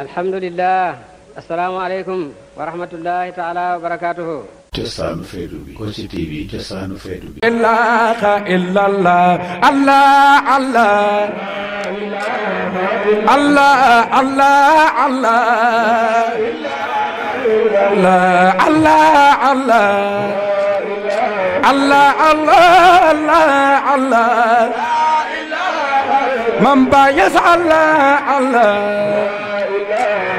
الحمد لله السلام عليكم ورحمة الله تعالى وبركاته من بايس الله الله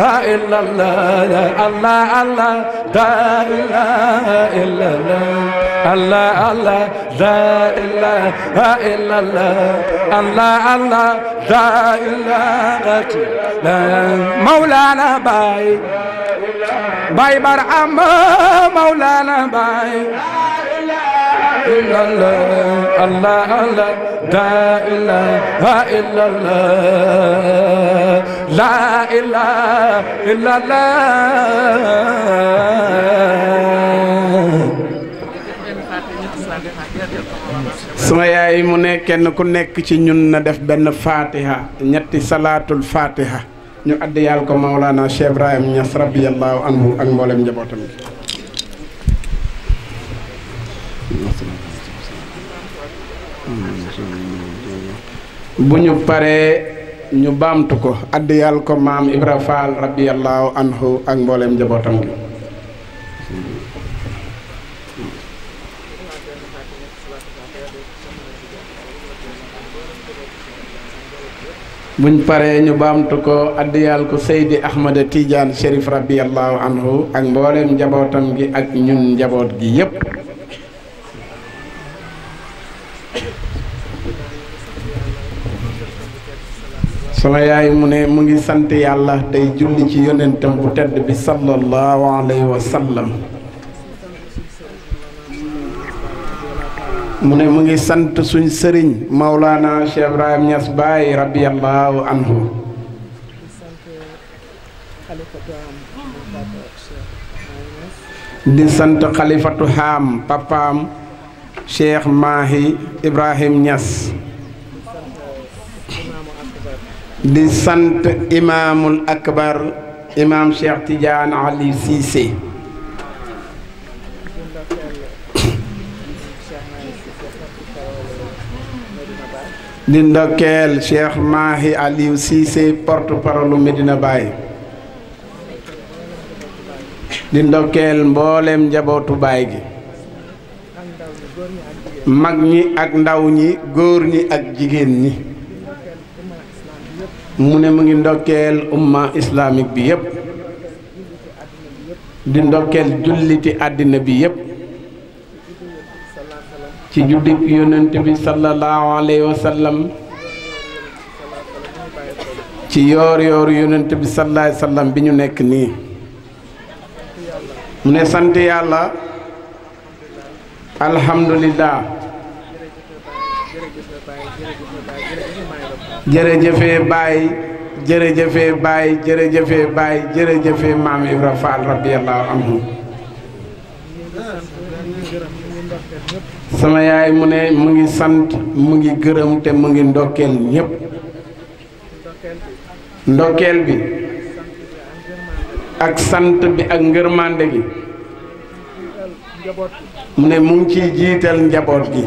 إله إلا الله الله الله لا إله إلا الله الله الله لا إله إلا الله الله الله لا إله إلا مولانا باي باي برعم مولانا باي إلا الله الله yaay mu ne kenn ku nekk ci ñun na def benn fatiha ñetti salaatul fatiha ñu addiyaal ko Maolana Cheikh Ibrahim Niass radiyallahu anhu ak mboolem njabootam gi bu ñu paree ñu baamtu ko addiyal ko maam Ibra Faal radiyallaahu ak mbooleem njabootam gi buñ paree ñu baamtu ko addiyal ko Seydi Ahmada Tidiane Chérif radiyallaahu anhu ak mbooleem njabootam gi ak ñun njaboot gi yépp sama yaay mu ne mu ngi sante yalla tay julli ci yonentam bu tedd bi sallallahu alayhi wa sallam mu ne mu ngi sante suñ sëriñ Maulana Cheikh Ibrahim nias Baye radiyallahu anhu di sante khalifatu ham papam Cheikh Mahi Ibrahim nias di sant imaamul akbar imaam Cheikh Tidiane Ali Cissé di ndokkeel Cheikh Mahi Aliou Cissé porte-parole Medina Baye di ndokkeel mbooleem njabootu baay gi mag ñi ak ndaw ñi góor ñi ak jigéen ñi mu ne mu ngi ndokkeel umma islamique bi yëpp di ndokkeel julliti àddina bi yëpp ci juddib yonent bi salallahu aleyhi wa sallam ci yoor yoor yonent bi salallah ai sallam bi ñu nekk nii mu ne sant yàlla alhamdulillah jërëjëfee Baye jërëjëfee Baye jërëjëfee Baye jëfe maam Ibra Fall radiyallahu anhu sama yaay mu ne mu ngi sant mu ngi gërëm te mu ngi ndokkeel ñépp ndokkeel bi ak sant bi ak ngërmande gi mu ne mu ngi ciy jiital njaboot gi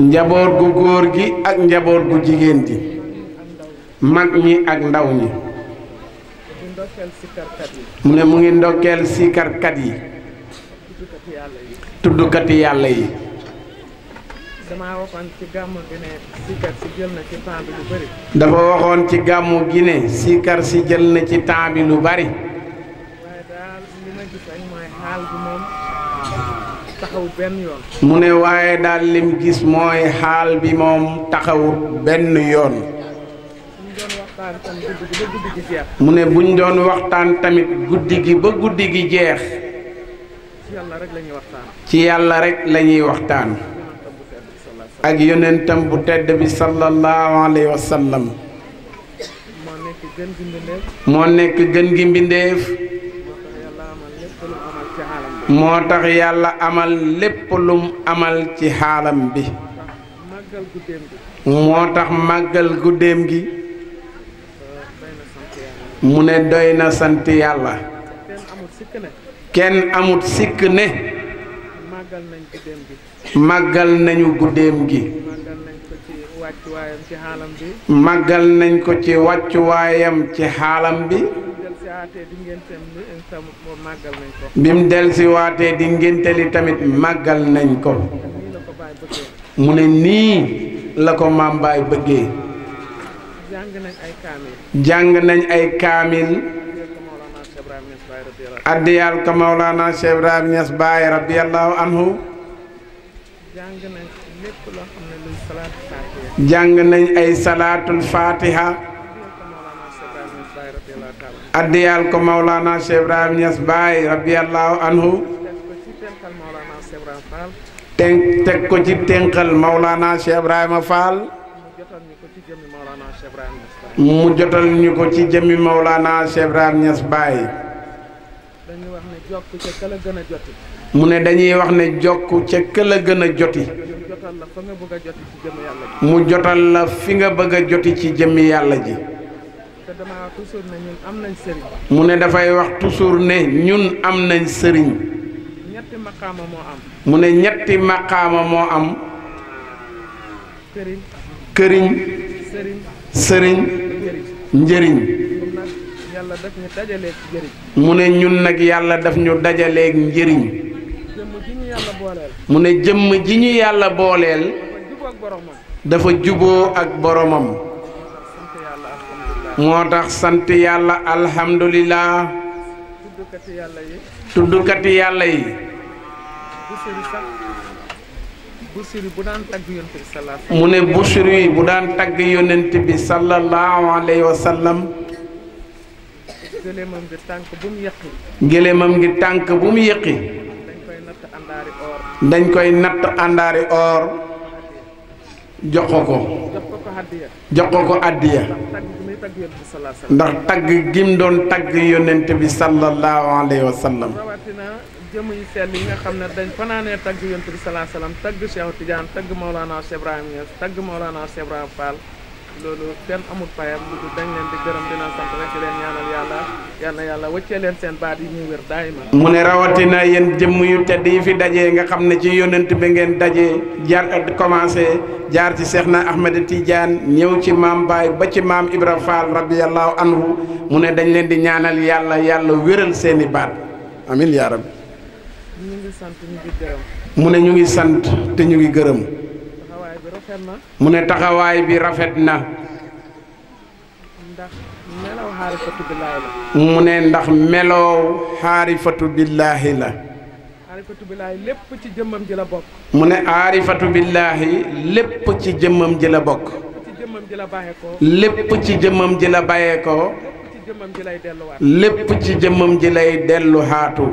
njabor gu gor gi ak njabor gu jigen gi mag ñi ak ndaw ñi mu ne mu ngi ndokkeel kat yi tuddu kat yalla yi dama waxon ci gamu gi ne siikar si jël na ci temps bi lu bari dafa waxon ci gamu gi ne siikar si jël na ci temps bi lu bari taxawut benn yoon. mu ne waaye daal lim gis mooy xaal bi moom taxawut benn yoon. mu ne buñ doon waxtaan tamit guddi gi ba guddi gi jeex. ci yàlla rek la waxtaan. ci yàlla rek la waxtaan. ak yonentam bu tedd bi sallallahu alayhi wa moo nekk gën gi mbindeef. moo tax yàlla amal lépp lum amal ci xaalam bi moo tax màggal guddeem gi mu ne doy na sant yàlla kenn amut sikk ne màggal nañu guddeem gi màggal nañ ko ci wàccuwaayam ci xaalam bi bi mu dellusiwaatee di ngénte li tamit màggal nañ ko mu ne la ko maam baay bëggee jàng nañ ay kaamil addiyaal ko Mawlana Cheikh Ibrahim Niass anhu jàng nañ ay salaatul faatiha addiyaal ko Maulana Cheikh Ibrahim Niass Baye teg ko ci tënkal Maulana Cheikh Ibrahima Fall mu jotal ñu ko ci jëmmi Maulana Cheikh Ibrahim Niass Baye mu ne dañuy wax ne jokk ca kël a gën a joti mu jotal la fi nga bëgg joti ci jëmmi yàlla ji mu ne dafay wax toujours ne ñun am nañ sëriñ. ñetti maqaama moo am. mu ne ñetti maqaama moo am. këriñ. këriñ. sëriñ. njëriñ. mu ne ñun nag yàlla daf ñu dajaleeg njëriñ. mu ne jëmm ji ñu yàlla booleel. dafa juboo ak boroomam moo tax sant yàlla alhamdulilah. tuddukati yàlla yi. bu daan mu ne Busiri bu daan tagg yonent bi sallallahu alayhi wa sallam. ngi tànk bu mu yëqi. gëlëmam ngi tànk bu mu yëqi. dañ koy natt àndaari or. dañ koy natt àndaari or. jox ko ko jox ko ko addiya ndax tagg gi mu doon tagg yonent bi sallallahu alayhi wa sallam jëmm yi yi nga xam ne dañ fanaanee tagg yonent bi sallallahu alayhi wa sallam tagg Cheikh Tidiane tagg Maulana Cheikh Ibrahima Niass tagg Maulana Cheikh Ibrahima Fall loolu amul payam lu dul yàlla wëccee leen seen yi ñuy mu ne rawatina yéen jëmm yu tedd yi fi daje nga xam ne ci yonent bi ngeen dajee jaar commencé jaar ci Seex na Ahmed Tidiane ñëw ci maam Baay ba ci maam Ibra Fall radiyallahu mu ne dañ leen di ñaanal yàlla yàlla wéral seeni baat amin yaa mu ne ñu ngi sant te ñu ngi gërëm mu ne taxawaay bi rafet na mu ne ndax meloo xaarifatu billaahi la lépp ci jëmmam ji la bokk mu ne aarifatu billaahi lépp ci jëmmam ji la bokk lépp ci jëmmam ji la bàyyee ko lépp ci jëmmam ji lay dellu xaatu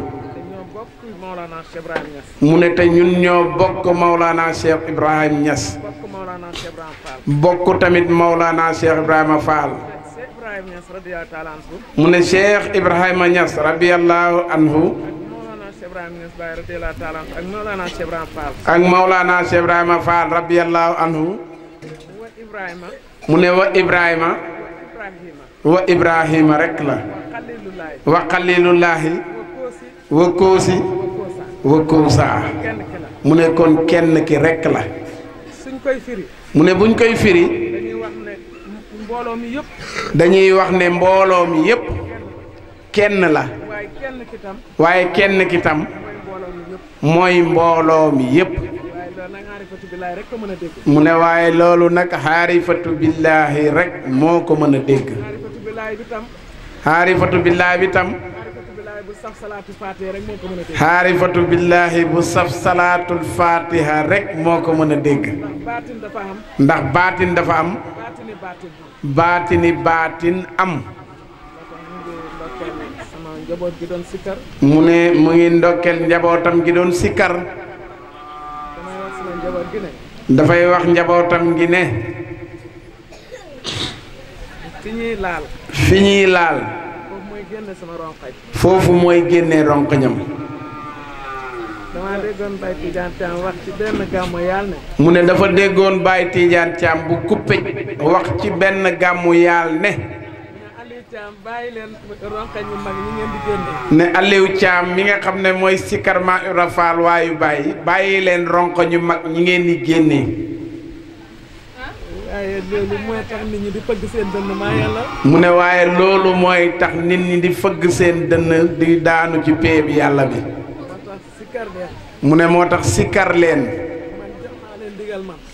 mu ne te ñun ñoo bokk Maulana Cheikh Ibrahim Niass bokk tamit Maulana Cheikh Ibrahima Fall mu ne Cheikh Ibrahima Niass radiyallahu anhu ak Maulana Cheikh Ibrahima Fall radiyallahu anhu mu ne wa Ibrahima wa Ibrahima rek la wa xalilullaahi wa koosi wa koosaa mu ne kon kenn ki rek la koy firi. mu ne buñ koy firi. dañuy wax ne mbooloo mi yëpp. dañuy wax ne mbooloo mi yëpp kenn la. waaye kenn ki tam. waaye kenn ki mooy mbooloo mi yëpp. mu ne waaye loolu nag xaarifatu billaahi rek moo ko mën a dégg. xaarifatu billaahi bi tam. fatu billahi bu saf salatul fatiha rek moko meuna deg ndax Batin dafa am baatini batin am mune mu ngi ndokel njabotam gi sikar da fay wax njabotam gi ne fi ñuy laal foofu mooy génnee ronqañam dama déggoon Baye Tidiane Thiam mu ne dafa déggoon Baye Tidiane Thiam bu kuppe wax ci benn gàmmu yàlla ne. ne Aliou Thiam mi nga xam ne mooy Sikar Ma Urafal waayu bàyyi bàyyi leen ronq ñu mag ñi ngeen di génnee. mooy tax nit ñi di fëgg seen mu ne waaye loolu mooy tax nit ñi di fëgg seen dënn di daanu ci pee bi yàlla bi. mu ne moo tax sikkar leen.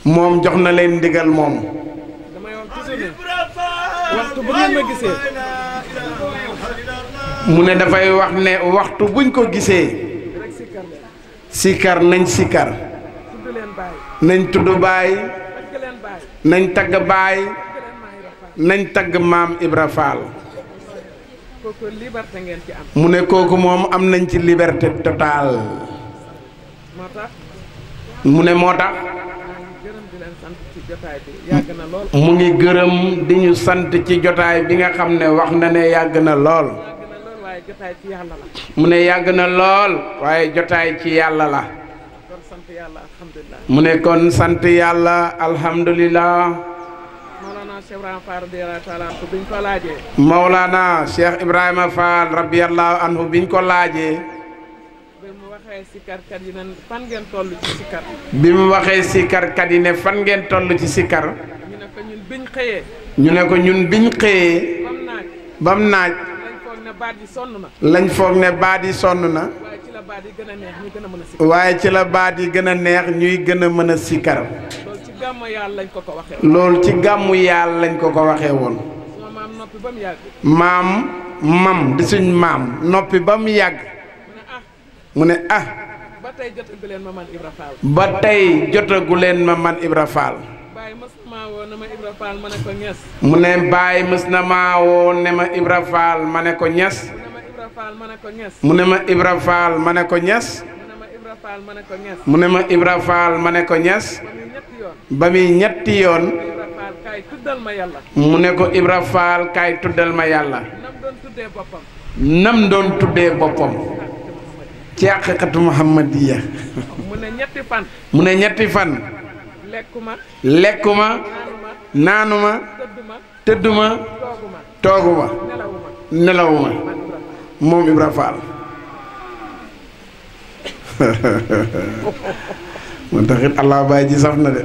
moom jox na leen digal moom. waxtu bu mu ne dafay wax ne waxtu buñ ko gisee. sikkar nañ sikkar. nañ tudd baay. nañ tagg baay nañ tagg maam Ibra Faal mu ne kooku moom am nañ ci liberté totale mu ne moo tax mu ngi gërëm di ñu sant ci jotaay bi nga xam ne wax na ne yàgg na lool mu ne yàgg na lool waaye jotaay ci yàlla la mu ne kon sant yàlla alhamdulilah. Maulana Cheikh Ibrahima Fall radiyallahu taala anhu biñ ko laajee. Maulana Cheikh Ibrahim Fall radiyallahu anhu biñ ko laajee. bi mu waxee sikarkat yi ne fan ngeen toll ci sikar. bi mu waxee sikarkat yi fan ngeen toll ci sikar. ñu ne ko ñun biñ xëyee. ñu ne ko ñun biñ xëyee. bam naaj. lañ foog ne baat la gën a a mën a sikar. waaye ci la baat yi gën a neex ñuy gën a mën a sikar. loolu ci gàmmu yàlla lañ ko ko waxee woon. ci gàmmu yàlla lañ ko ko waxee woon. maam noppi ba mam di suñ maam noppi ba mu yàgg. mu ne ah. ah. ba tey jotagu leen ma man Ibra ba tey jotagu ma man Ibra mu ne baay mës na maa woo ne ma Ibra ma ne ko ñes. mu ne ma Ibra Faal ma ne ko ñes mu ne ma Ibra Faal ma ne ko ñes ba muy ñetti yoon mu ne ko Ibra Faal kaay tuddal ma yàlla nam doon tuddee boppam ci haqiqatu muhammadiya mu ne ñetti fan mu ne ñetti fan lekkuma lekkuma naanuma tëdduma tooguma nelawuma moom Ibra Fall moo taxit allah baay ji saf na de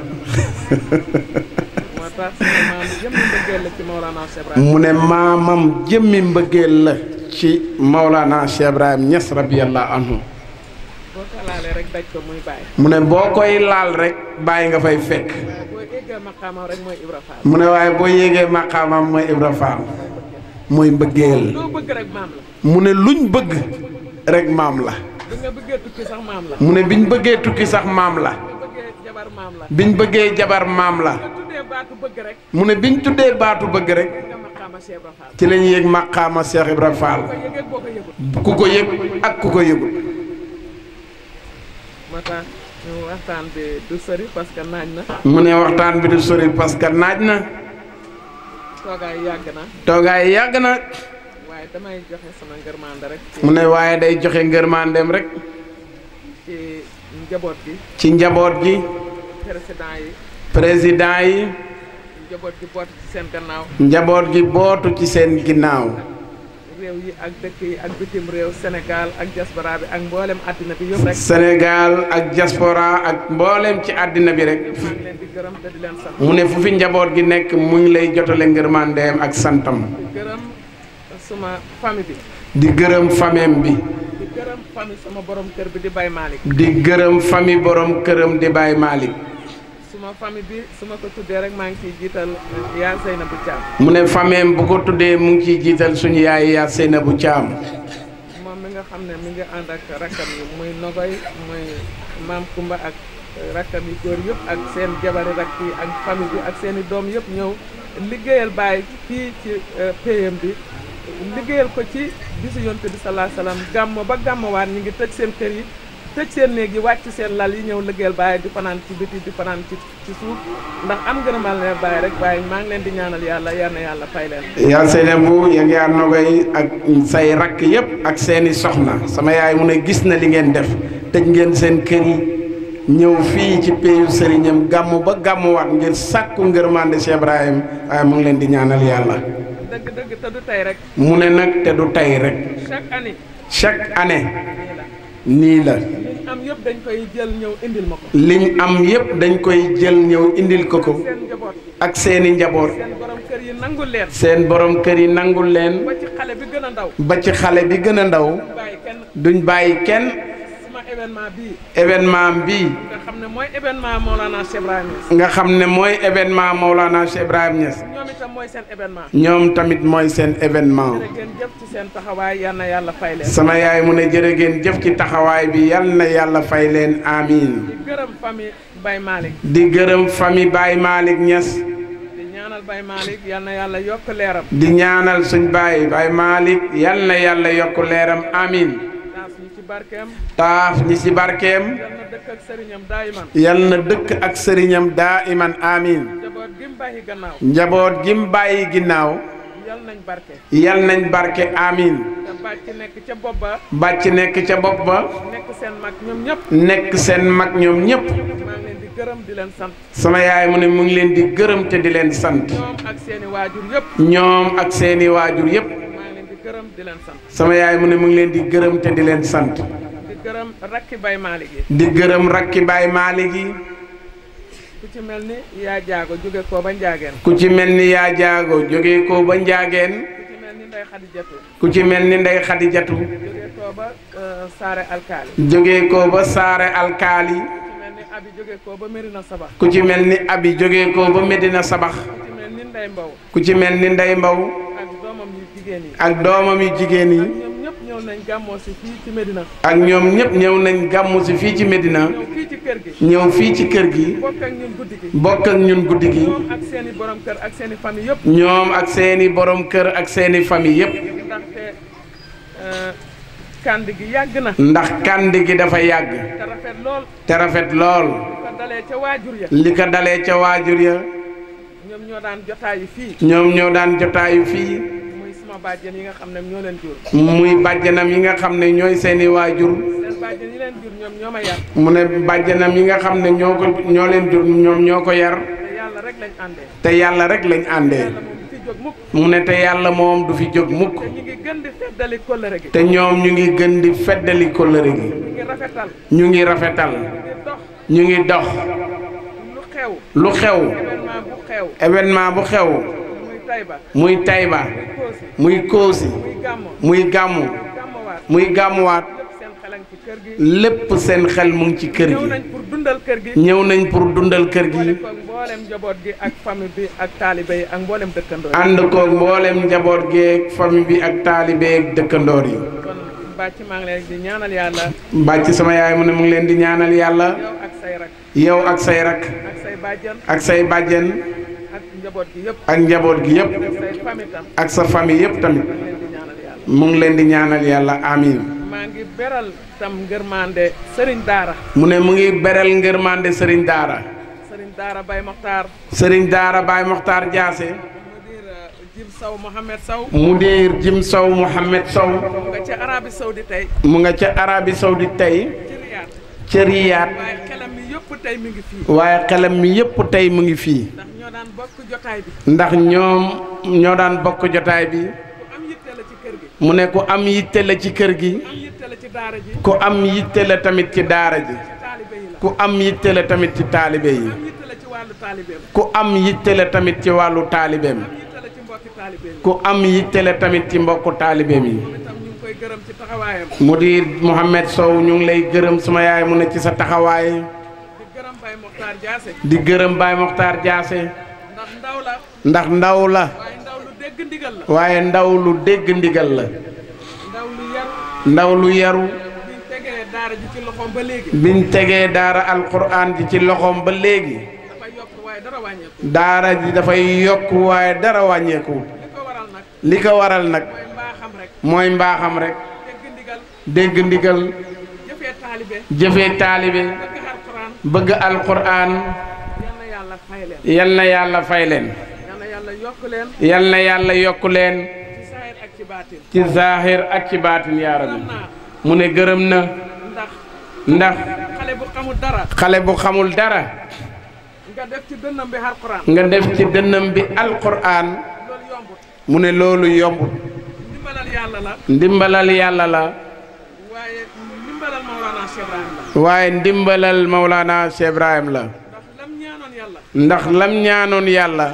mu ne maamam jëmmi mbëggeel la ci Maulana Cheikh Ibrahim Niass radiyallahu anhu mu ne boo koy laal rek bàyyi nga fay fekk mu ne waaye boo yéegee maqaamam mooy Ibra Fall mooy mbëggeel mu ne luñ bëgg rek maam la mu ne biñ bëggee tukki sax maam la biñ bëggee jabar maam la mu ne biñ tuddee baatu bëgg rek ci lañ yéeg maqaama Cheikh Ibra Fall ku ko yëg ak ku ko yëgul mu ne bi du sori parce que naaj na toogaay yàgg na. toogaay yàgg na. waaye damay joxe sama rek. mu ne waaye day joxe ngërmandeem rek. ci njaboot gi. ci njaboot gi. président yi. président yi. njaboot gi bootu ci seen gannaaw. njaboot gi bootu ci seen ginnaaw. réew yi ak dëkk yi ak bitim réew Sénégal ak diaspora bi ak mboolem àddina bi yëpp ak diaspora ak mbooleem ci àddina bi rek. maa mu ne fu fi njaboot gi nekk mu ngi lay jotale ngërmandeem ak santam. di gërëm suma gërëm fameem bi. di gërëm famille sama borom kër bi di Baye Malick. di gërëm famille borom këram di bàyyi Malick. ma famille bi su ma ko tuddee rek maa ngi ciy jiital euh, yaa Seynabou Thiam. mu ne famille bu ko tuddee mu ngi jiital suñu yaay yaa Seynabou Thiam. moom mi nga xam ne mi ngi ànd ak rakkam yi muy Nogoy muy maam Kumba ak rakkam yi góor yëpp ak seen jabari rakk yi ak famille bi ak seen i doom yëpp ñëw liggéeyal baay fii ci euh, PM bi. liggéeyal ko ci bisu yonte bi salaa salaam gàmmo ba gàmmowaat ñu ngi tëj seen kër yi. tëj seen néeg yi wàcc seen lal yi ñëw liggéeyal baay di fanaan ci biti di fanaan ci ci suuf ndax am gën a mal ne bàyyi rek bàyyi maa ngi leen di ñaanal yàlla yal yàlla fay leen yaa Seynabou yaa yaa Nogaye ak say rakk yépp ak seeni soxna sama yaay mu ne gis na li ngeen def tëj ngeen seen kër yi ñëw fii ci péeyu sëriñam gàmm ba gàmmuwaat ngir sàkku ngërmande Cheikh Ibrahim waaye mu ngi leen di ñaanal yàlla dëgg dëgg te du tey rek mu ne nag te du tey rek chaque année chaque nii la. liñ am yëpp dañ koy jël ñëw indil ko. am yëpp dañ koy jël ñëw indil ko ko. ak seeni njaboot. seen borom kër yi nangul leen. seen boroom kër yi nangu leen. ba ci xale bi gën a ndaw. ba bàyyi kenn. événement bii. événement bii. nga xam ne mooy événement Maulana Cheikh Ibrahim Niass. nga xam ne mooy événement Maulana Cheikh ñoom tamit mooy seen événement. jërë seen taxawaay yal na yàlla fay leen. sama yaay mu ne jërë ngeen jëf ci taxawaay bi yal na yàlla fay leen amiin. di gërëm famille Baye Malick. di gërëm famille Baye Malick Niass. ñaanal Baye yal na yàlla yokk di ñaanal suñ Baye Baye yal na yàlla yokk leeram amiin. taaf ñi ci barkeem yal na dëkk ak sëriñam daa iman amiin njaboot gim bàyyi ginnaaw yal nañ barke amiin bàcc nekk ca bopp ba bàcc nekk ca bopp ba nekk seen mag ñoom ñëpp nekk seen mag ñoom ñëpp gërëm di leen sant. sama yaay mu ne mu ngi leen di gërëm te di leen sant. ñoom ak seeni waajur yëpp. ñoom ak seeni waajur yëpp. gërëm di leen sant. sama yaay mu ne mu ngi leen di gërëm te di leen sant. di gërëm rakki bay Malick yi. di gërëm rakki bay Malick yi. ku ci mel ni yaa jaago jóge koo ba njaageen. ku ci mel ni yaa jaago jóge koo ba njaageen. ku ci mel ni ndey xadijatu. ku ci mel ni ndey xadijatu. jóge koo ba euh, saare alkaali. jóge koo ba saare alkaali. abi jóge ko ba Medina Sabax. ku ci mel ni abi jóge ko ba Medina Sabax. ku ci mel ni Ndey Mbow. ku ci mel ni Ndey Mbow. ak doomam yi jigéen yi. ak ñoom ñëpp ñëw nañ gàmmu si fii ci Medina. ñëw fii ci kër gi. bokk ak ñun guddi gi. ñoom ak seeni borom kër ak seeni famille yëpp. ñoom ak seeni borom kër ak seeni famille yëpp. Euh, kànd gi yàgg na. ndax kànd gi dafa yàgg. te rafet lool. li ko dalee ca waajur ya. li ko dalee ca waajur ya. ñoom ñoo daan jotaayu fii. ñoom ñoo daan jotaayu fii. bàjjen yi nga xam ne ñoo leen muy bàjjenam yi nga xam ne ñooy seeni i waajur. seen bàjjen yi mu ne bàjjenam yi nga xam ne ñoo ko ñoo leen jur ñoom ñoo ko yar. te yàlla rek lañ àndee. te yàlla rek lañ àndee. mu ne te yàlla moom du fi jóg mukk. te ñu ngi te ñoom ñu ngi gën di feddali kóllëre gi. ñu ngi rafetal. ñu ngi rafetal. ñu dox. lu xew. lu xew. événement bu xew. muy Tayba muy kosi muy gamu muy gamu wat lepp sen xel mu ngi ci kër gi ñew nañ pour dundal kër gi and ko mbolem njaboot gi ak fami bi ak taalibe ak dekkandor yi. bacci maa leen di ñaanal yàlla. bàcc sama yaay mu ne mu ngi leen di ñaanal yalla yow ak say rak. yow ak say rak. ak say bajjan ak say bajjan ak njaboot gi yëpp ak sa famille yëpp tamit mu ngi leen di ñaanal yàlla amiin maa ngi beral tam ngërmande sëriñ daara mu ne mu ngi beral ngërmande sëriñ daara sëriñ daara Baye Mokhtar sëriñ daara Baye Mokhtar Diassé Jim Sow Mohamed Sow. Mudir Jim Sow Mohamed Sow. mu nga ca Arabie Saoudi tey. mu nga ca Arabie Saoudi tey. ca Riyad. waaye xelam mi yëpp tey mu ngi fii. waaye xelam mi yëpp tey mu ngi fii. ñoo daan bokk bi. ndax ñoom ñoo daan bokk jotaay bi. mu ne ku am yitte la ci kër gi. ku am yitte la tamit ci daara ji. ku am yitte la tamit ci taalibe yi. ku am yitte la tamit ci wàllu taalibeem. ku am yitte la tamit ci mbokku taalibeem yi. mu di Mouhamed Sow ñu ngi lay gërëm suma yaay mu ne ci sa taxawaay. di gërëm Baye Mokhtar Diassé ndax ndaw la waaye ndaw lu dégg ndigal la ndaw lu yaru biñ tegee daara alquran ji ci loxoom ba léegi daara ji dafay yokk waaye dara wàññeeku li ko waral nag mooy mbaaxam rekk dégg ndigal jëfee taalibe bëgg alquran yal na yàlla fay leen yal na yàlla yokk leen ci zaahir ak ci baatin yaa rabbi mu ne gërëm na ndax xale bu xamul dara nga def ci dënnam bi alquran nga mu ne loolu yombut ndimbalal yàlla la yàlla la waaye ndimbalal Maulana Cheikh Ibrahim la ndax lam ñaanoon yàlla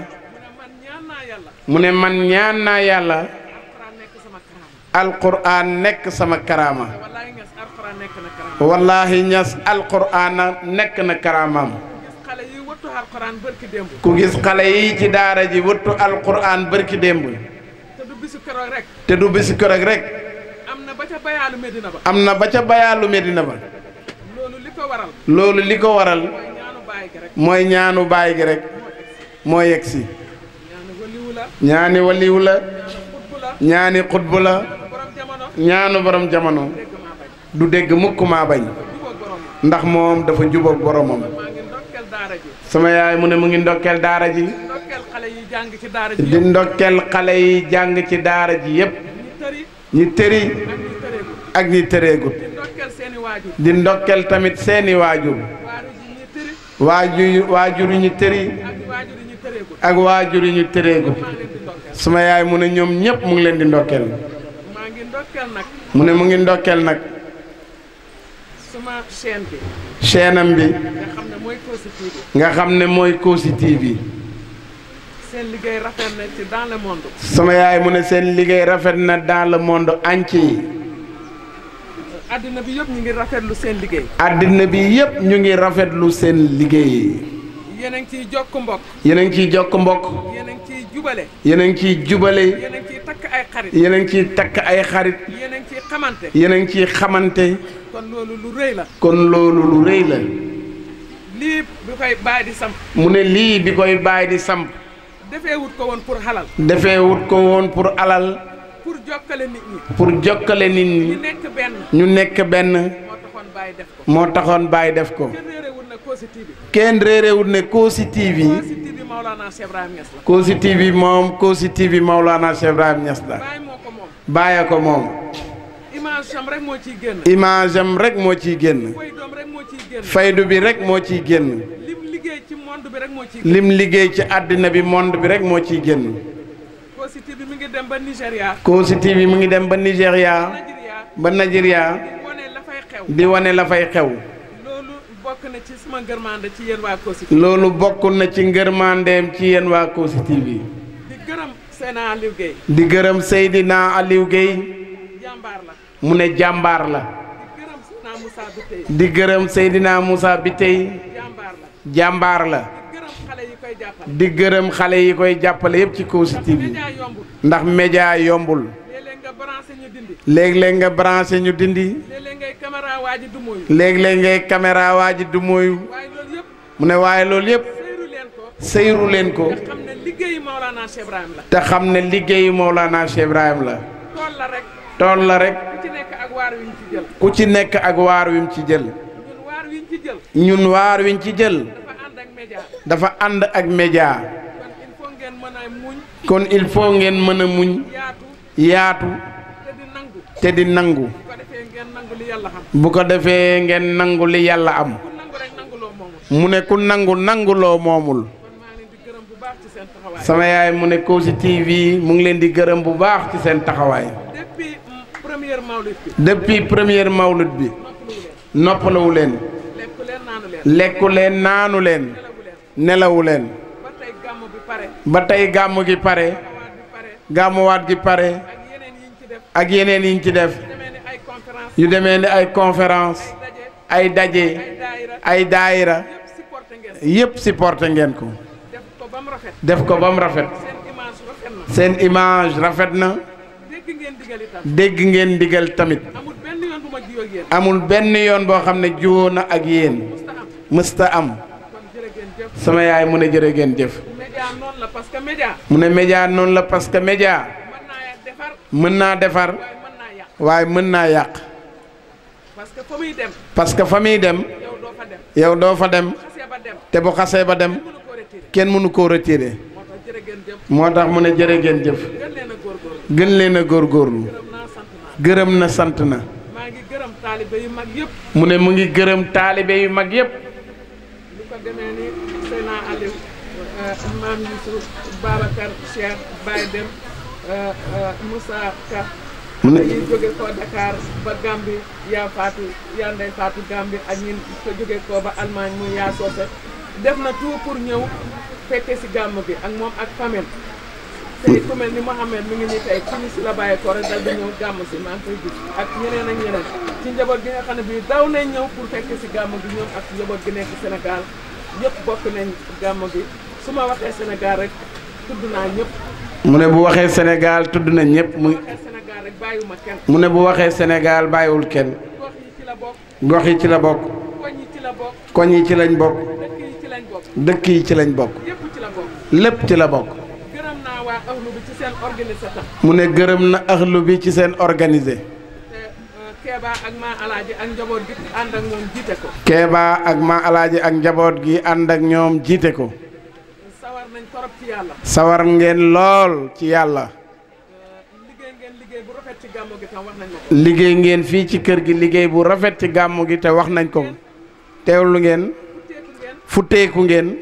mu ne man ñaan naa yàlla alquran nekk sama karaama wallaahi ñas alquran nekk na karaamam ku gis xale yi ci daara ji wëttu alquran bërki démb te du bisu keroog rek am na ba ca bayaalu medina am na ba ca bayaalu medina ba loolu li ko waral mooy ñaanu baay gi rekk moo yegg si ñaani waliwu la ñaani xutbu la ñaanu borom jamono du dégg mukk maa bañ ndax moom dafa jubóog boromam sama yaay mu ne mu ngi ndokkeel daara ji di ndokkeel xale yi jàng ci daara ji yépp ñi tëri ak ñi tëreegut di ndokkel tamit seeni waajur waajur waajur ñu tëri ak waajur ñu tëreegut suma yaay mu ne ñoom ñépp mu ngi leen di ndokkel mu ne mu ngi ndokkel nag seenam bi nga xam ne mooy Kossy TV seen liggéey rafet na ci dans le monde. sama yaay mu ne seen liggéey rafet na dans le monde àddina bi yëpp ñu ngi rafetlu seen liggéey. àddina bi yëpp ñu ngi rafet lu seen liggéey. yéen a ngi ciy jokk mbokk. yéen a ngi ciy jokk mbokk. yéen a ngi ciy jubale. yéen a ngi ciy jubale. yéen takk ay xarit. yéen a ngi ciy takk ay xarit. yéen xamante. yéen a ngi ciy xamante. kon loolu lu rëy la. kon loolu lu rëy la. lii bi koy baay di samp. mu ne lii bi koy baay di samp. defee wut ko woon pour alal. defee wut ko woon pour alal. jokkale pour jokkale nit ñi. ñu nekk benn. ñu moo taxoon bàyyi def ko. kenn réeréwul ne Kossy TV. Kossy TV moom Kossy TV Maulana Cheikh Ibrahim Niass la. bàyyi ko moom. image rek moo ciy génn. image bi rek moo ciy génn. lim liggéey ci àddina bi monde bi rek moo ciy génn. dem ba Nigéria. Kossy TV mu ngi dem ba Nigeria ba Nigeria. di wane la fay xew. lolu bokku na ci sama ngërmande ci yeen wa Kossy TV. loolu bokk na ci TV. di gërëm Seydina Aliou Guèye. jambar la. mu ne jambar la. di gërëm Seydina Moussa Bitey jambar la jambar la. di gërëm xale yi koy jàppale yëpp ci Kossy TV ndax média yombul léeg-léeg nga branché ñu dindi léeg-léeg ngay caméra waa ji du mooyu mu ne waaye loolu yëpp sëyru leen ko te xam ne liggéeyu Mawlana Cheikh Ibrahim la tool la rek ku ci nekk ak waar wi mu ci jël ñun waar wi ñu ci jël dafa ànd ak média kon il faut ngeen mën a muñ yaatu te di nangu bu ko defee ngeen nangu li yàlla am mu ne ku nangu nanguloo moomul sama yaay mu ne Kossy TV mu ngi leen di gërëm bu baax ci seen taxawaay depuis première mawlud bi noppalewu leen lekku leen naanu leen nelawu leen ba tey gàmmu gi pare gàmmuwaat gi pare ak yeneen yiñ ci def yu demee ni ay conférence ay daje ay daayira yépp supporté ngeen ko def ko ba rafet seen image rafet na dégg ngeen digal tamit amul benn yoon boo xam ne jiwoo na ak yéen mësta am sama yaay mu ne jërë ngeen jëf. mu ne média noonu la parce que média. mën naa defar. waaye mën naa yàq. parce que fa muy dem. parce que fa muy dem. yow doo fa dem. te bu xasee ba dem. kenn mënu koo retiré. moo tax mu ne jërë ngeen jëf. gën leen góor góorgóorlu. gërëm na sant na. mu ne mu ngi gërëm taalibe yu mag yépp. maam Youssouf Babacar Cheikh Baye Dem euh, euh, Moussa Ka mu ne jóge ko Dakar ba Gambie yaa Fatou yaa Ndey Fatou Gambie ak ñi jóge ko ba Allemagne muy yaa Socé def na tout pour ñëw fekkee si gàmm bi ak moom ak famille tey ku mel ni Mouhamed mi ngi nii tey ci si la bàyyi ko rek dal si maa ak ñeneen ak ñeneen ci njaboot gi nga xam ne bii daw nay ñëw pour fekke si gàmm gi ñoom ak njaboot gi nekk senegal yëpp bokk nañ gàmm gi su mu ne bu waxee senegaal tudd na ñépp mu. mu ne bu waxee senegaal bàyyiwul kenn. gox yi ci la bokk. koñ yi ci lañ bokk. dëkk yi ci lañ bokk. lépp ci la bokk. mu ne gërëm na axlu bi ci seen organise euh, Keebaa ak maa alaaji ak njaboot gi ànd ak ñoom jiite ko. Keebaa ak maa alaaji ak njaboot gi ànd ak ñoom jiite ko. sawar ngeen lool ci yàlla euh, liggéey ngeen fii ci kër gi liggéey bu rafet ci gàmmu gi te wax nañ ko teewlu ngeen futteeku ngeen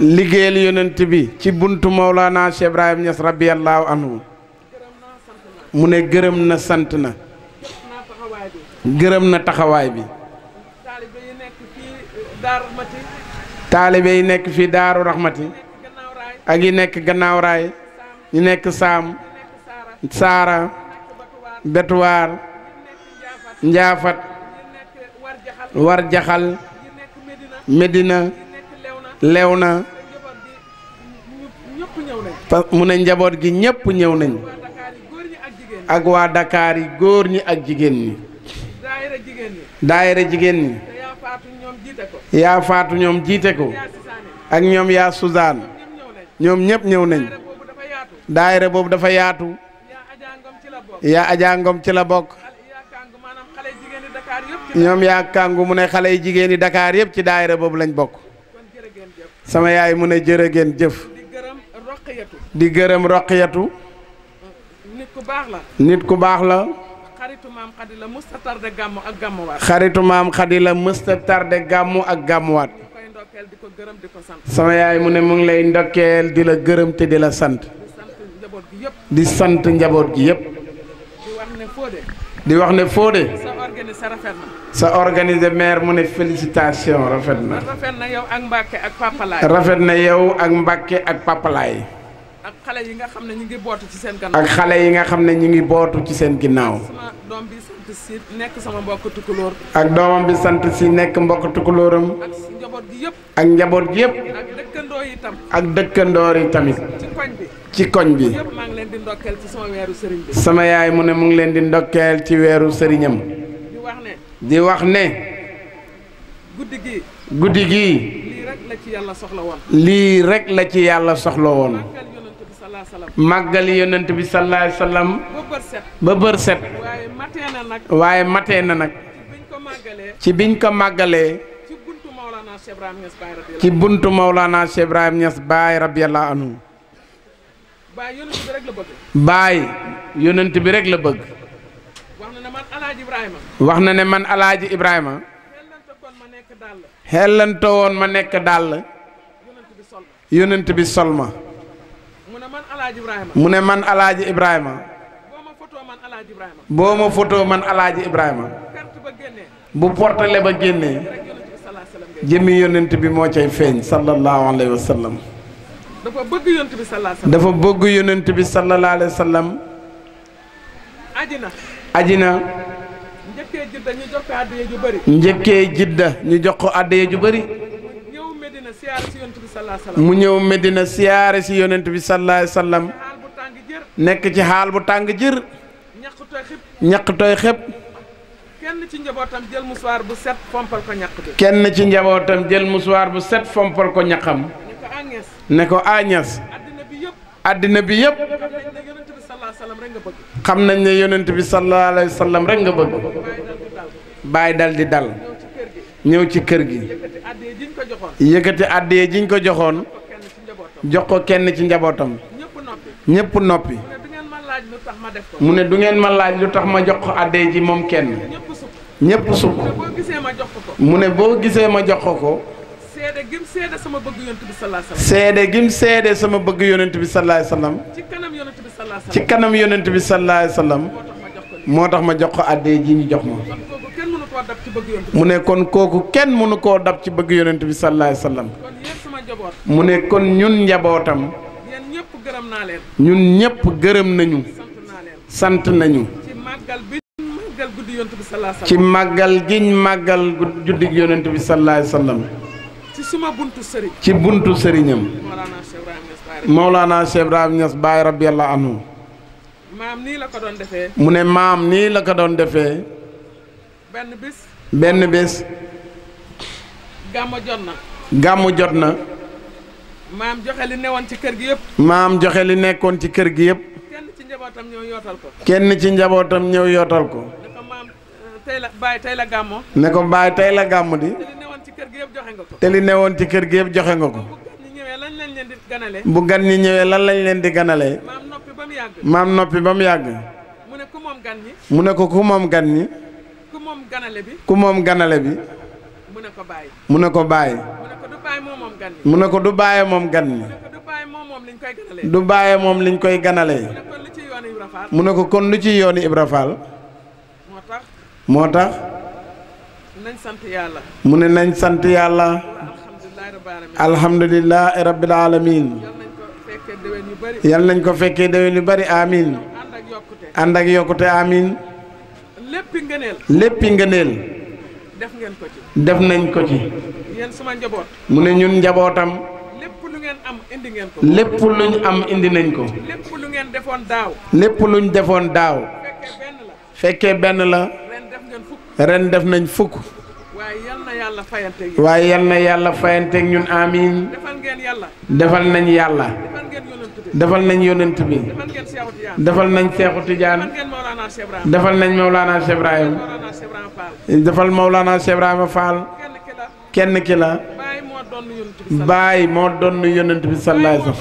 liggéeyal yonent bi ci buntu Mawlana Cheikh Ibrahim Niass rabiyallahu anhu mu ne gërëm na sant na gërëm na taxawaay bi taalibe yi nekk fii daaru raxmati ak yi nekk gannaaw raay ñu nekk saam saara betuwaar njaafat warjaxal medina lew na mu ne njaboot gi ñépp ñëw nañu ak waa Dakar yi góor ñi ak jigéen ñi daayira jigéen ñi yaa faatu ñoom jiite ko ak ñoom yaa Suzanne ñoom ñëpp ñëw nañ daayira boobu dafa yaatu yaa Adja Ngom ci la bokk ñoom yaa kàngu mu ne xale yi jigéen yi dakaar yëpp ci daayira boobu lañ bokk sama yaay mu ne jërë ngeen jëf di gërëm roqiyatu nit nit ku baax la xaritu maam xadi la mësta tarde ak gàmmuwaat. xaritu maam xadi la mësta tarde gàmmu ak gàmmuwaat. di ko gërëm di sama yaay mu ne mu ngi lay ndokkeel di la gërëm te di la sant. di sant njaboot gi yëpp. di sant njaboot gi yëpp. di wax ne Fodé. di wax ne Fodé. sa organisé rafet sa organisé maire mu ne félicitation rafet na. rafet na yow ak Mbacke ak Papalaay. rafet na yow ak Mbacke ak Papalaay. ak xalé yi nga xamné ñu ngi bootu ci seen gannaaw. ak xalé yi nga xamné ñu ngi bootu ci seen ginnaw sama doom bi sant sama mbokk ak doomam bi sant ci tam. ak yi tamit. ci koñ bi. ci koñ bi. yëpp ngi leen di ci mu ngi leen di ndokkel ci wéru sëriñam. di wax ne. di wax ne. guddi guddi rek la ci yalla soxla won li rek la ci yalla soxla won màggal yonent bi ba bër set waaye matee na nag ci biñ ko màggalee ci buntu Maulana Cheikh Ibrahim Baay radiyallahu baay yonent bi rek la bëgg wax na ne man alaaji Ibrahima xellante woon ma nekk dàll yonent bi sol ma mu ne man alaaji Ibrahima boo ma photo man alaaji Ibrahima bu portale ba génnee jëmi yonent bi moo cay feeñ sallallahu alayhi wa dafa bëgg yonent bi sallallahu alayhi wa dafa bëgg yonent bi sallallahu ajina njëkkee jidda ñu jox ko addiya ju bëri ju bëri mu ñëw Medina siyaare si yonent bi sallallahu alayhi nekk ci xaal bu tàng jër ñaq tooy xëpp kenn ci njabootam jël musuwaar bu set fompal ko ñaq kenn ci njabootam jël musuwaar bu set fompal ko ñaqam ne ko añas addina bi yëpp xam nañ ne yonent bi sallallahu alayhi wa rek nga bëgg bàyyi dal dal ñëw ci kër gi yëkkati àddee jiñ ko joxoon jox ko kenn ci njabootam ñépp noppi mu ne du ngeen ma laaj lu tax ma jox ko àddee ji moom kenn ñépp sukk mu ne boo gisee ma jox ko ko seede gim seede sama bëgg yonent bi sallallahu alayhi wasallam seede gim seede sama bëgg yonent bi sallallahu ci kanam yonent bi sallallahu alayhi moo tax ma jox ko àddee ji ñu jox ma mu ne kon kooku kenn mënu koo dab ci bëgg yonent bi sallallahu alayhi mu ne kon ñun njabootam ñun ñëpp gërëm nañu sant nañu ci màggal giñ màggal juddig yonent bi sallallahu alayhi suma ci buntu sëriñam Mawlana Cheikh Ibrahim Niass la mu ne maam nii la ko doon defee benn bis. benn bis. gàmmu jot na. gàmmu jot na. maam joxe li newoon ci kër gi yëpp. maam joxe li nekkoon ci kër gi yëpp. kenn ci njabootam ñëw yootal ko. kenn ci njabootam ñëw yootal ko. ne ko maam tey la gàmmu. ne ko bàyyi tey di. te li newoon ci kër gi yëpp joxe nga ko. te li newoon ci kër gi joxe nga ko. bu gan ñi ñëwee lan lañ leen di ganalee. maam noppi ba mu yàgg. maam mu ne ku moom gan ñi. moom ganale bi. ku moom ganale bi. mu ne ko bàyyi. mu ne ko bàyyi. mu ne ko du bàyyi moom gan mi. du bàyyi moom liñ koy ganalee. mu ne ko kon lu ci yoon Ibra Faal. moo tax. sant yàlla. mu ne nañ sant yàlla. alhamdulilah rabbil alamin yal nañ ko fekkee déwén yu bari amin ànd ak yokkute amin lépp léppi ngëneel. def ngeen ko ci. def nañ ko ci. sama njaboot. mu ne ñun njabootam. lépp lu ngeen am indi ngeen ko. am indi nañ ko. lépp lu ngeen defoon daaw. lépp luñ defoon daaw. fekkee benn la. benn la. ren def nañ fukk. waaye yal na yàlla fayante na yàlla fayante ñun amiin. defal ngeen yàlla. defal nañ yàlla. defal nañ yonent bi. defal nañ Seexu Tijaan. defal nañ Mawlana Cheikh Ibrahim. defal Mawlana Cheikh Ibrahima Fall. kenn ki la. baay moo doon yonent bi sallaay sax.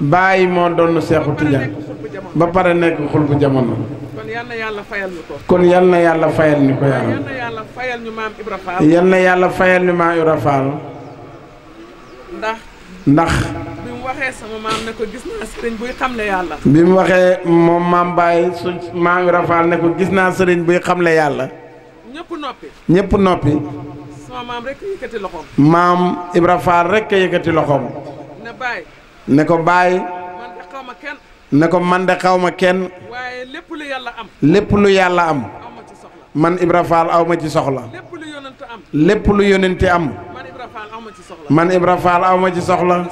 baay moo doon Seexu Tijaan. ba pare nekk xul bu jamono. kon yàlla fayal ko. kon yal na yàlla fayal ñu yàlla. yal na yàlla fayal ñu maam Ibra Fall. yàlla ndax. ndax. bi mu waxee sama maam ne ko gis naa sëriñ buy xamle yàlla. bi noppi. ñëpp noppi. sama maam rek yëkkati loxoom. loxoom. ne ko Baye. ne ko man de xaw ma kenn. lépp lu yàlla am man Ibra Faal aw ma ci soxla lépp lu yónente am man Ibra Faal aw ma ci soxla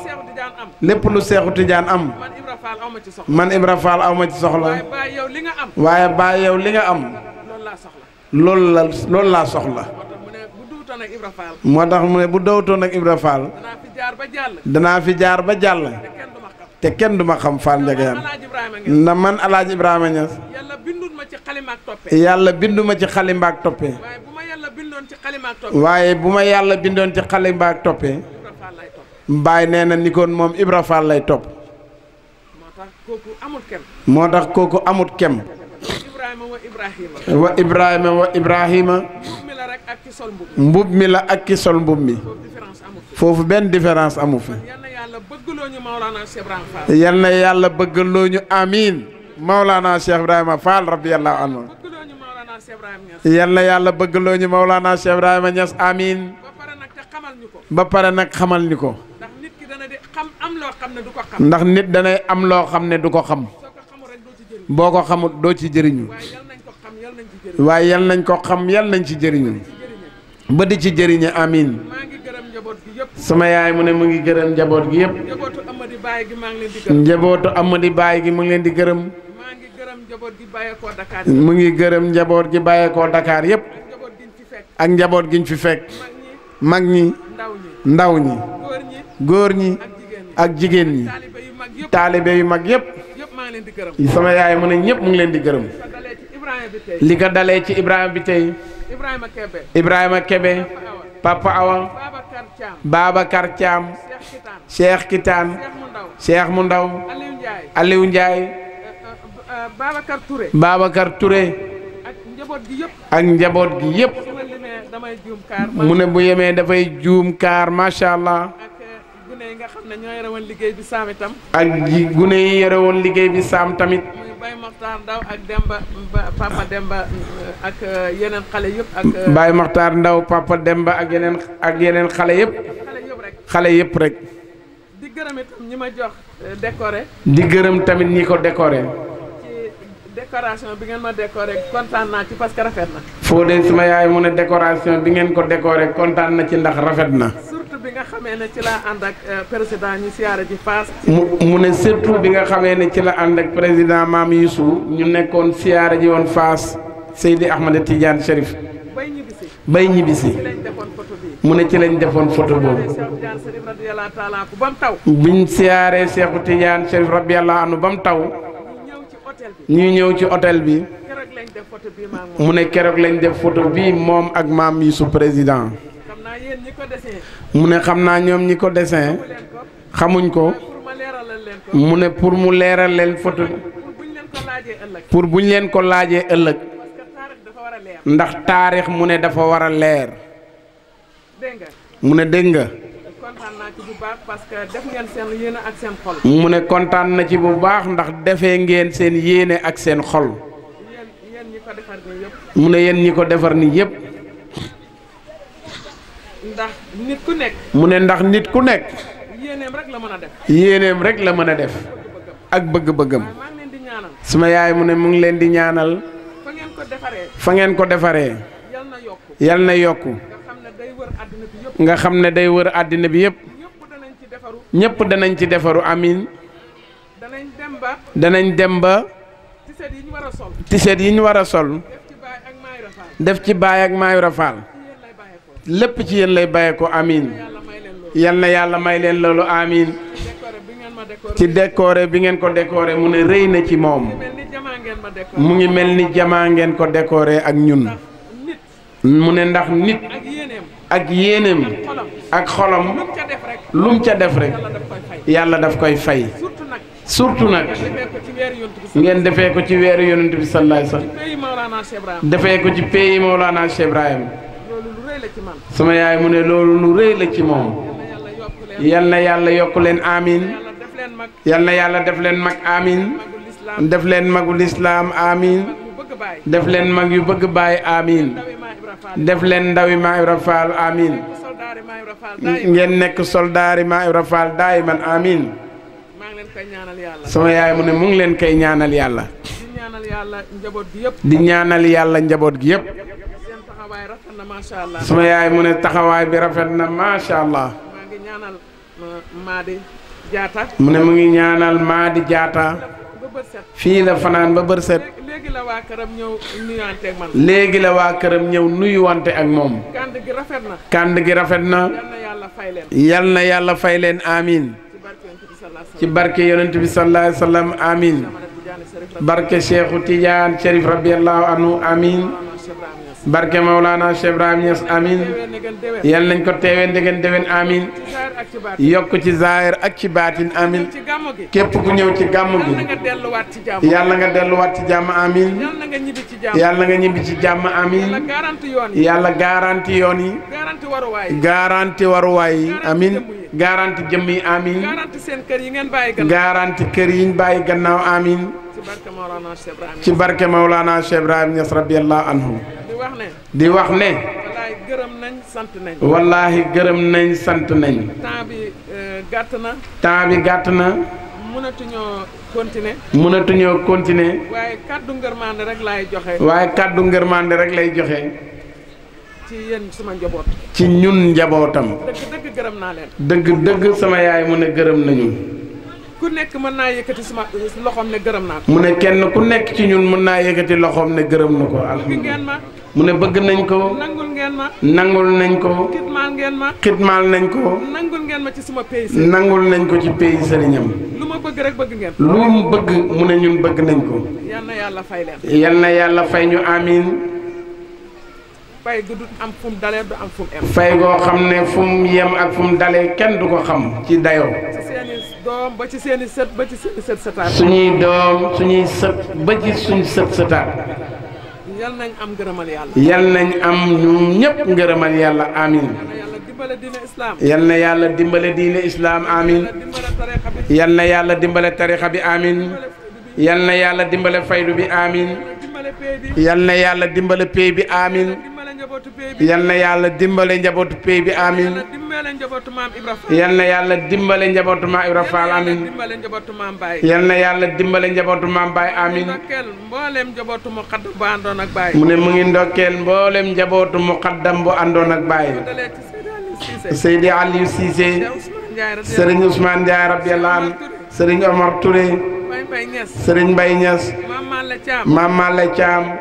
lépp lu Seexu Tijaan am man Ibra Faal aw ma ci soxla waaye baay yow li nga am loolu la loolu laa soxla moo tax mu ne bu dawtoon ak Ibra Faal danaa fi jaar ba jàll te kenn duma xam Fall Ndiagayane na man El Ibrahima Niass yàlla binduma ci xalima ak ci xalima waaye bu ma yàlla bindoon ci xalima ak toppe mbaay nee na ni kon moom Ibra Fall lay topp moo tax kooku amut kem wa Ibrahima wa Ibrahima mbub mi la ak ki sol mbubb mi foofu benn différence amu fi yalla bëggloo ñu Maulana Cheikh Ibrahima Fall. yal na yàlla bëggloo ñu Maulana Cheikh Ibrahima Fall radiyallahu anhu. yal yalla yalla bëggloo ñu Maulana Cheikh Ibrahima Niass amin ba paré nak nag xamal ñuko ba paré nak xamal ñuko ndax nit ki dana di xam am lo xamne duko xam. ndax nit dana am lo xamne duko xam. boko xamul do ci jëriñu. way yalla nañ ko xam yalla nañ ci jëriñu. ba di ci jëriñe amin sama yaay mu ne mu ngi gërëm njaboot gi yëpp. njabootu amadi Baye gi ma ngi leen di gërëm. mu ngi leen di gërëm. maa gi baye ko Dakar yëpp. ak njaboot giñ fi fekk. mag ñi ndaw ñi goor ñi ak jigéen ñi. talibé yu mag yëpp. sama yaay mu ne ñëpp mu ngi leen di gërëm. li ko dalé ci Ibrahima bi tey. Ibrahima Kebe. Papa Awa. Babacar Thiam Cheikh Kitaan Cheikh mu ndaw Aliou Ndiaye eh, eh, eh, Babacar Touré ak njaboot gi yépp mu ne bu yemee dafay juum kaar macha allah. yi nga xam ne ñoo yore woon liggéey bi saam itam. ak gune yi yore woon liggéey bi saam tamit. muy Baye Ndaw ak Demba Papa Demba ak euh, yeneen xale yëpp ak. Euh, Baye Makhtar Ndaw Papa Demba ak yeneen ak yeneen xale yëpp. xale yëpp rek di gërëm itam ñi ma jox euh, décoré. di gërëm tamit ñi ko décoré. décoration bi ngeen ma décoré kontaan naa ci parce que rafet na. Fodé suma yaay mu ne décoration bi ngeen ko décoré kontaan na ci ndax rafet na. surtout bi ne ci la ànd ak euh, président ñu siyaare ji Fass. mu mu ne surtout bi nga xamee ne ci la ànd ak président maam Youssou ñu nekkoon siyaare ji woon Fass Seydi Ahmada Tidiane Chérif. bay ñibbisi bay ñibbisi. mu ne ci lañ defoon photo boobu. biñ siyaaree Cheikhou Tidiane Chérif radiyallahu anhu ba mu taw. ñuy ñëw ci hôtel bi mu ne keroog lañ def photo bii moom ak maam yi su président mu ne xam naa ñoom ñi ko dessin xamuñ ko mu ne pour mu leeral leen photo pour buñ leen ko laajee ëllëg ndax taarix mu ne dafa war a leer mu ne dégg nga kontaan naa ci parce que def ngeen seen yéene ak seen mu ne kontaan na ci bu baax ndax defe ngeen seen yéene ak seen xol. defar nii mu ne yéen ñi ko defar nii yëpp. ndax ku nekk. mu ne ndax nit ku nekk. yéeneem rek la mën a def. yéeneem rek la mën a def. ak bëgg-bëggam. suma yaay mu ne mu ngi leen di ñaanal. fa ngeen ko defaree. yal na yokk nga xam ne day wër àddina bi yëpp ñëpp danañ ci defaru amin danañ dem ba danañ tiset yi ñu war a sol def ci baay ak maayu rafaal lépp ci yéen lay bàyyee ko amin yal na yàlla may leen loolu amin ci dekoore bi ngeen ko décoré mu ne rëy na ci moom mu ngi mel ni jamaa ngeen ko décoré ak ñun mu ne ndax nit ak yéeneem ak xolam lum ca def rek yàlla daf koy fay surtout nag ngeen defee ko ci weeru yonent bi sallallahu alayhi defee ko ci pays Mawlana Cheikh Ibrahim sama yaay mu ne loolu lu rëy la ci moom yal na yàlla yokk leen amin yal na yàlla def leen mag amin def leen magu lislaam amin def leen mag yu bëgg baay amin def leen ndawi Maam Ibra Faal amiin ngeen nekk soldaari Maam Ibra Faal daayiman amiin sama yaay mu ne mu ngi leen koy ñaanal yàlla di ñaanal yàlla njaboot gi yëpp sama yaay mu ne taxawaay bi rafet na macha allah mu ne mu ngi ñaanal Maadi Jaata fii la fanaan ba bër set léegi la waa këram ñëw nuyuwante ak léegi la waa këram ñëw nuyuwante ak moom. kànd gi rafet na. kànd yal na yàlla fay leen. yal na yàlla fay leen amiin. ci barke yonent bi sallallahu alayhi amiin. barke Cheikhu Tidiane Cherif radiyallahu amiin. barke Maulana Cheikh Ibrahim amin yal nañ ko teewee ndegen déwén amin yokk ci zaahir ak ci baatin amin képp ku ñëw ci gàmm gi yàlla na nga delluwaat ci jàmm amin yal nga ñibbi ci jàmm amin yàlla garanti yoon yi garanti waruwaay yi amin garanti jëmm yi amin garanti kër yi ñu bàyyi gannaaw amin ci barke Maulana Cheikh Ibrahim Niass radiyallahu anhu di wax ne. wallaahi gërëm nañ sant nañ. wallaahi gërëm nañ sant nañ. temps bi euh, gàtt na. temps bi gàtt na. mënatuñoo continuer. mënatuñoo continuer. waaye kàddu ngërmande rek laay joxe. waaye kàddu ngërmande rek lay joxe. ci yéen sama njaboot. ci ñun njabootam. dëgg naa leen. dëgg dëgg sama yaay mu ne gërëm nañu. ku nekk mën naa yëkkati sama loxoom ne gërëm naa mu ne kenn ku nekk ci ñun mën naa yëkkati loxoom ne gërëm na ko alhamdulilah. mu ne bëgg nañ ko. nangul ngeen nañ ko. xitmaal ngeen ma. xitmaal nañ ko. nangul ngeen ma ci sama pays. nangul nañ ko ci pays sëriñam. lu ma bëgg rek bëgg ngeen. lu mu bëgg mu ne ñun bëgg nañ ko. yal na yàlla fay leen. yal na yàlla fay ñu amiin. fay gu du am fu mu dalee du am goo xam ne fu mu yem ak fu mu dalee kenn du ko xam ci dayoo. doom ba ci seen i sët ba ci seen i sët sëtaat. suñuy doom suñuy ba ci suñ sët sëtaat. yal nañ am ngërëmal yàlla. yal nañ am ñun ñëpp ngërëmal yàlla amin yal na yàlla dimbale diine islaam amin yal na yàlla dimbale tarixa bi amin yal na yàlla dimbale faydu bi amin yal na yàlla dimbale pay bi amin yal na yàlla dimbale njabootu pay bi amin yal na yàlla dimbale njabootu maam Ibra Fall amin yal na yàlla dimbale njabootu maam Baay amin mu ne mu ngi ndokkeel mbooleem njabootu bu àndoon ak Baay Seydi Aliou Cissé Serigne Ousmane Ndiaye radiyallahu anhu Serigne Omar Touré Serigne Mbaye Niass Maam Malla Thiam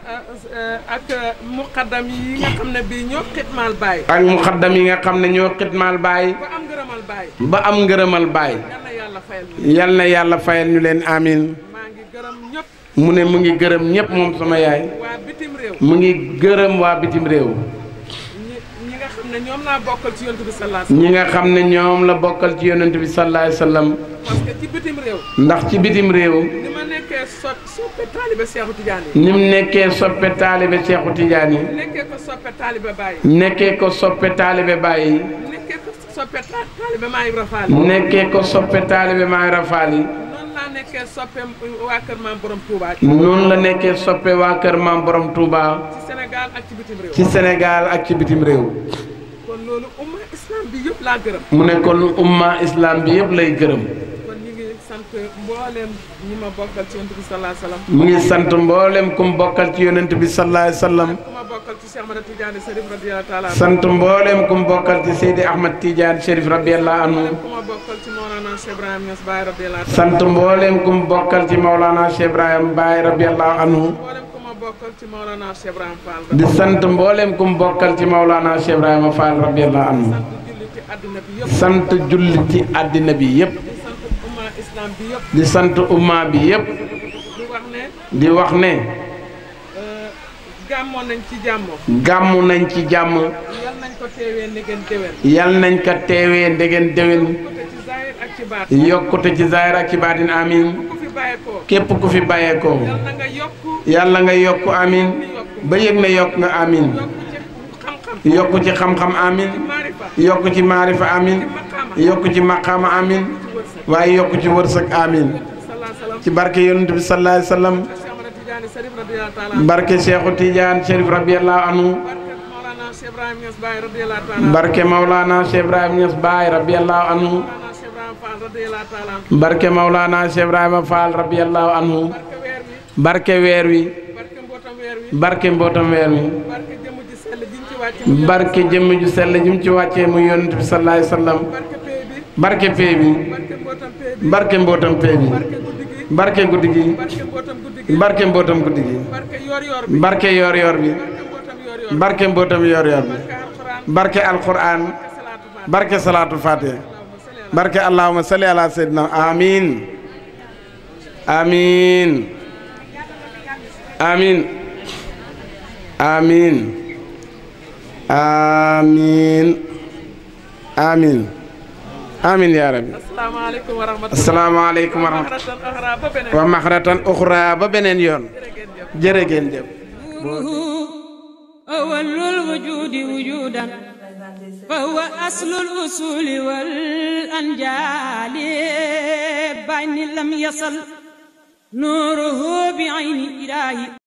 Euh, ak euh, muqaddam yi nga xam ne bii ñoo xitmaal yi nga xam ne ñoo xitmaal baay. ba am ngërëmal baay. baay. yal yàlla fayal ñu leen amiin. mu ne mu ngi gërëm ñëpp moom yaay. mu ngi gërëm waa bitim réew. ñi ñoom la bokkal ci yonent bi sallallahu ñi nga xam ne ñoom la bokkal ci yonent bi sallallahu ndax ci bitim réew. nekkee soppe taalibe Seexu Tijaan yi. ni mu nekkee soppe taalibe Seexu Tijaan yi. nekkee noonu la nekkee soppe waa kër maam borom Touba. noonu ci Sénégal ak ci bitim réew. ci Sénégal ak ci bitim réew. mu ne kon umma islam bi yëpp lay gërëm. sant mboolem ñi ma bokkal ci yonent bi sallallahu alayhi kum bokkal ci yonent bi sallallahu alayhi wasallam. sant julli ci àddina bi yëpp. di sant umma bi yépp di wax ne euh, gàmmu nañ ci jàmm gàmmu nañ yal nañ ko teewee ndegen déwén yokkute ci zaahir ak ci baatin amin képp ku fi bàyyeekoo yàlla nga yokk amin ba yëg ne yokk nga amin yokk ci xam-xam amin yokk ci maarifa amin yokk ci maqaama amin waaye yokk ci wërsëg amiin ci barke yonent bi sallallahu alayhi barke Cheikhu Tidiane Chérif radiyallahu anhu barke Maulana Cheikh Ibrahima Niass Baye radiyallahu barke Maulana Cheikh Ibrahima Fall radiyallahu barke weer wi barke mbootam weer wi barke jëmm ju sell ji ci wàccee mu yonent bi sallallahu barke pee mbarke mbootam peeñ yi mbarke guddi gi mbarke mbootam guddi gi mbarke yoor yoor bi mbarke mbootam yoor yoor bi mbarke alquran mbarke salaatu fatiha mbarke allahuma salli ala sayyidina amin amin amin amin amin amin amin yaa rabbi asalaamaaleykum wa rahmatulah wa maxratan uxra ba beneen yoon jërë ngeen jëf awalul wujudi wujudan fa huwa aslul usuli wal anjaali bani lam yasal nuruhu bi ayni ilaahi